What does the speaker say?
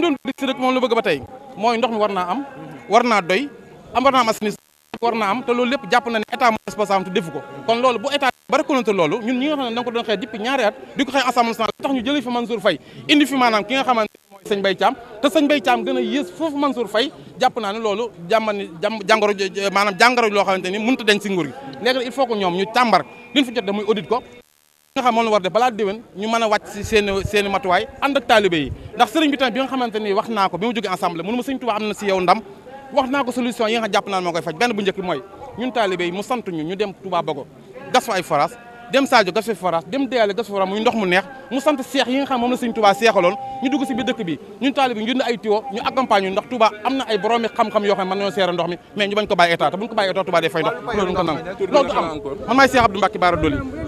doon si rek moom la bëgg naa am war naa doy lépp jàpp na ne état moo responsable te defu ko kon loolu bu état bari ko tax ñu jëlee fi Mansour Faye indi fi maanaam ki nga xamante mooy sëñ Mbaye Thiam te sëñ Mbaye Thiam gën a yées foofu Mansour Faye jàpp naa ne loolu jàmmani jàngoro maanaam jàngoro loo xamante ni mënut a denc si nguur gi léegi il faut que ñoom ñu càmbar liñ fi jot damuy audit ko nga xam moom la war def balaa déwén ñu mën a wàcc si seen seen matuwaay ànd ak taalibe yi ndax sëriñ bi tamit bi nga xamante ni wax naa ko bi mu jógee ensemble mënu ma sëriñ Tuubaa am na si yow ndam wax naa ko solution yi nga xam jàpp naan moo koy faj benn bu njëkk mooy ñun taalibe yi mu sant ñu ñu dem Touba Bogo gas fa ay forage dem Sadio gas fa forage dem Déale gas fa yi ñu dugg si biir dëkk bi ñun taalibe yi ñu jënd ay tiwo ñu accompagne ñu ndax Touba am na ay boroomi xam-xam yoo xam ne mën nañoo seere ndox mi mais ñu bañ ko bàyyi état te buñ ko bàyyi état Touba day fay nangu loolu am man maay Seex